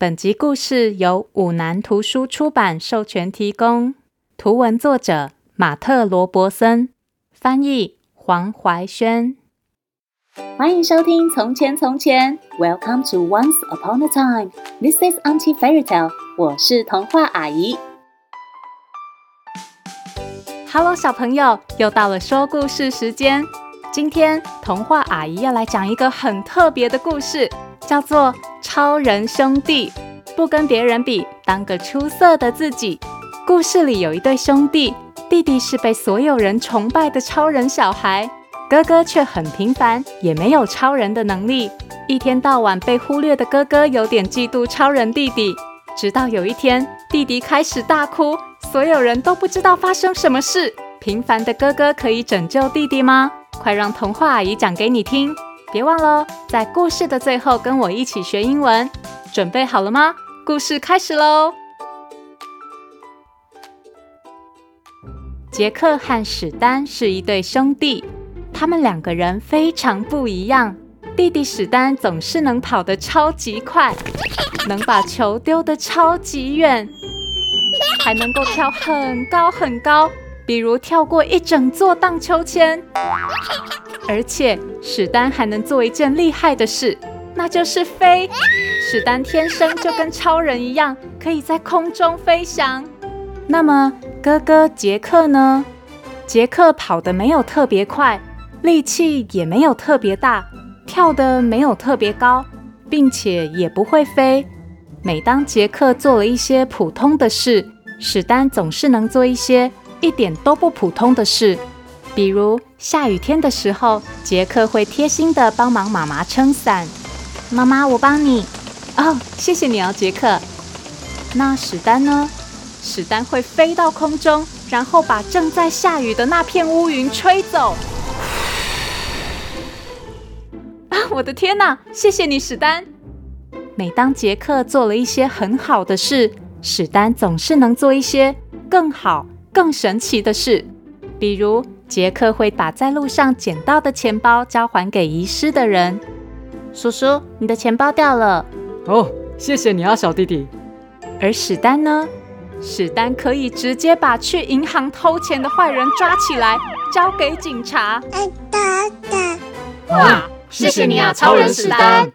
本集故事由五南圖書出版授權提供，圖文作者馬特·羅伯森，翻譯黃懷萱。歡迎收聽《從前從前》，Welcome to Once Upon a Time，This is Auntie Fairy Tale，我是童話阿姨。Hello，小朋友，又到了說故事時間。今天童話阿姨要來講一個很特別的故事。叫做超人兄弟，不跟別人比，當個出色的自己。故事裡有一對兄弟，弟弟是被所有人崇拜的超人小孩，哥哥卻很平凡，也沒有超人的能力。一天到晚被忽略的哥哥有點嫉妒超人弟弟。直到有一天，弟弟開始大哭，所有人都不知道發生什麼事。平凡的哥哥可以拯救弟弟嗎？快讓童話阿姨講給你聽。別忘了，在故事的最後跟我一起學英文，準備好了嗎？故事開始嘍！傑克和史丹是一對兄弟，他們兩個人非常不一樣。弟弟史丹總是能跑得超級快，能把球丟得超級遠，還能夠跳很高很高。比如跳過一整座盪秋千，而且史丹還能做一件厲害的事，那就是飛。史丹天生就跟超人一樣，可以在空中飛翔。那麼哥哥傑克呢？傑克跑得沒有特別快，力氣也沒有特別大，跳得沒有特別高，並且也不會飛。每當傑克做了一些普通的事，史丹總是能做一些。一點都不普通的事，比如下雨天的時候，傑克會貼心的幫忙媽媽撐傘。媽媽，我幫你。哦，謝謝你哦、啊，傑克。那史丹呢？史丹會飛到空中，然後把正在下雨的那片烏雲吹走。啊，我的天哪！謝謝你，史丹。每當傑克做了一些很好的事，史丹總是能做一些更好，更神奇的是，比如傑克會把在路上撿到的錢包交還給遺失的人。叔叔，你的錢包掉了。哦，謝謝你啊，小弟弟。而史丹呢？史丹可以直接把去銀行偷錢的壞人抓起來，交給警察。哇、啊啊啊啊，謝謝你啊超，超人史丹！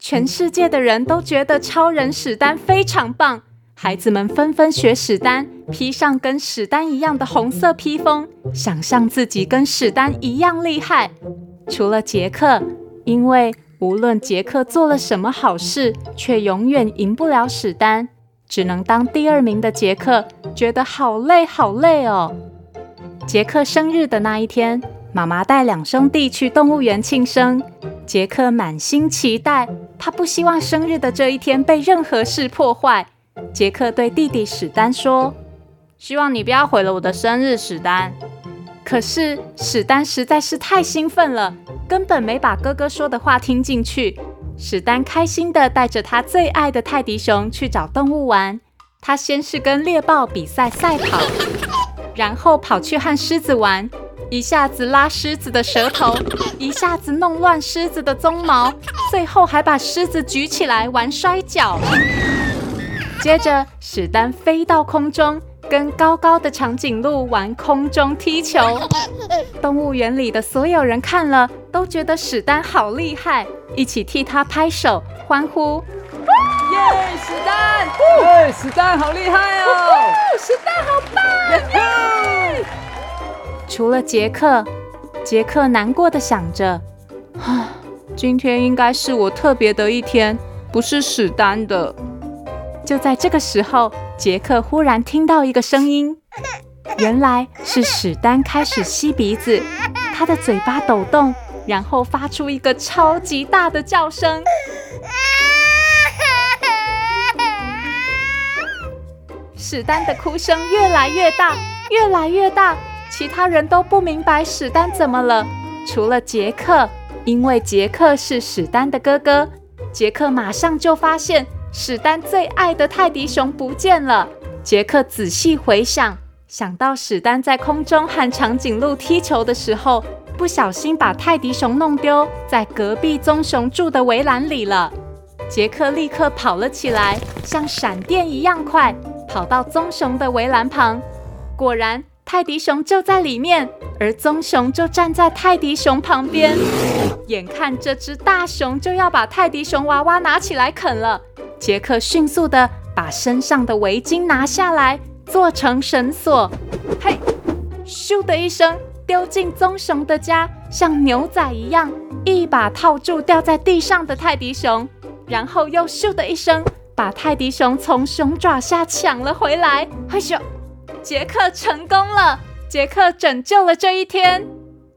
全世界的人都覺得超人史丹非常棒。孩子們紛紛學史丹，披上跟史丹一樣的紅色披風，想象自己跟史丹一樣厲害。除了傑克，因為無論傑克做了什麼好事，卻永遠贏不了史丹，只能當第二名的傑克，覺得好累好累哦。傑克生日的那一天，媽媽帶兩兄弟去動物園慶生。傑克滿心期待，他不希望生日的這一天被任何事破壞。傑克對弟弟史丹說：“希望你不要毀了我的生日，史丹。”可是史丹實在是太興奮了，根本沒把哥哥說的話聽進去。史丹開心地帶着他最愛的泰迪熊去找動物玩。他先是跟獵豹比賽賽跑，然後跑去和獅子玩，一下子拉獅子的舌頭，一下子弄亂獅子的鬃毛，最後還把獅子舉起來玩摔跤。接着，史丹飛到空中，跟高高的長頸鹿玩空中踢球。 動物園裡的所有人看了，都覺得史丹好厲害，一起替他拍手歡呼。耶、yeah，史丹！對、yeah，史丹好厲害哦！ 史丹好棒！Yeah! 除了傑克，傑克難過的想着：啊，今天應該是我特別的一天，不是史丹的。就在這個時候，傑克忽然聽到一個聲音，原來是史丹開始吸鼻子，他的嘴巴抖動，然後發出一個超級大的叫聲。 史丹的哭聲越來越大，越來越大，其他人都不明白史丹怎麼了，除了傑克，因為傑克是史丹的哥哥，傑克馬上就發現。史丹最愛的泰迪熊不見了。杰克仔細回想，想到史丹在空中和長頸鹿踢球的時候，不小心把泰迪熊弄丟在隔壁棕熊住的圍欄裡了。杰克立刻跑了起來，像閃電一樣快，跑到棕熊的圍欄旁。果然，泰迪熊就在裡面，而棕熊就站在泰迪熊旁邊。眼看這隻大熊就要把泰迪熊娃娃拿起來啃了。傑克迅速地把身上的圍巾拿下來，做成繩索，嘿，咻的一聲丟進棕熊的家，像牛仔一樣一把套住掉在地上的泰迪熊，然後又咻的一聲把泰迪熊從熊爪下搶了回來。嘿咻！傑克成功了，傑克拯救了這一天。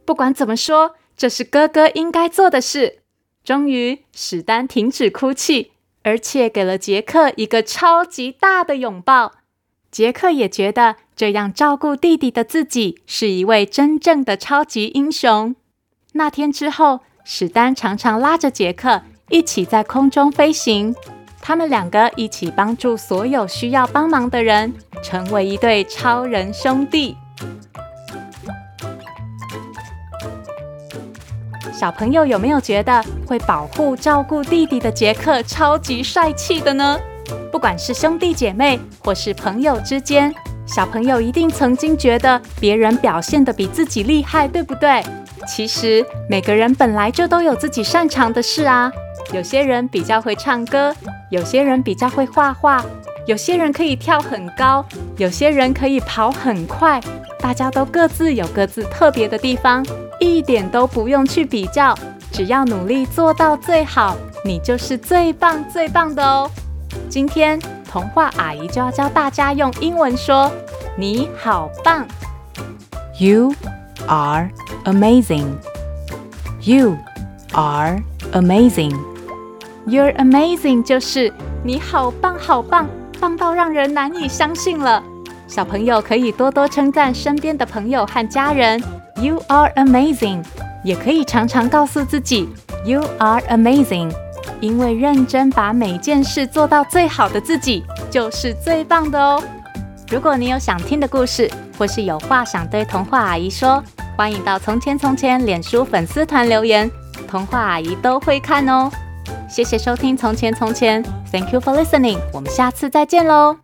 不管怎麼說，這是哥哥應該做的事。終於，史丹停止哭泣。而且給了傑克一個超級大的擁抱，傑克也覺得這樣照顧弟弟的自己是一位真正的超級英雄。那天之後，史丹常常拉着傑克一起在空中飛行，他們兩個一起幫助所有需要幫忙的人，成為一對超人兄弟。小朋友有沒有覺得會保護照顧弟弟的傑克超級帥氣的呢？不管是兄弟姐妹或是朋友之間，小朋友一定曾經覺得別人表現得比自己厲害，對不對？其實每個人本來就都有自己擅長的事啊。有些人比較會唱歌，有些人比較會畫畫，有些人可以跳很高，有些人可以跑很快，大家都各自有各自特別的地方。一點都不用去比較，只要努力做到最好，你就是最棒最棒的哦！今天童話阿姨就要教大家用英文說“你好棒”。You are amazing. You are amazing. You're amazing 就是你好棒好棒，棒到讓人難以相信了。小朋友可以多多稱讚身邊的朋友和家人。You are amazing，也可以常常告訴自己，You are amazing，因為認真把每件事做到最好的自己，就是最棒的哦。如果你有想聽的故事，或是有話想對童話阿姨說，歡迎到從前從前臉書粉絲團留言，童話阿姨都會看哦。謝謝收聽從前從前，Thank you for listening，我們下次再見嘍。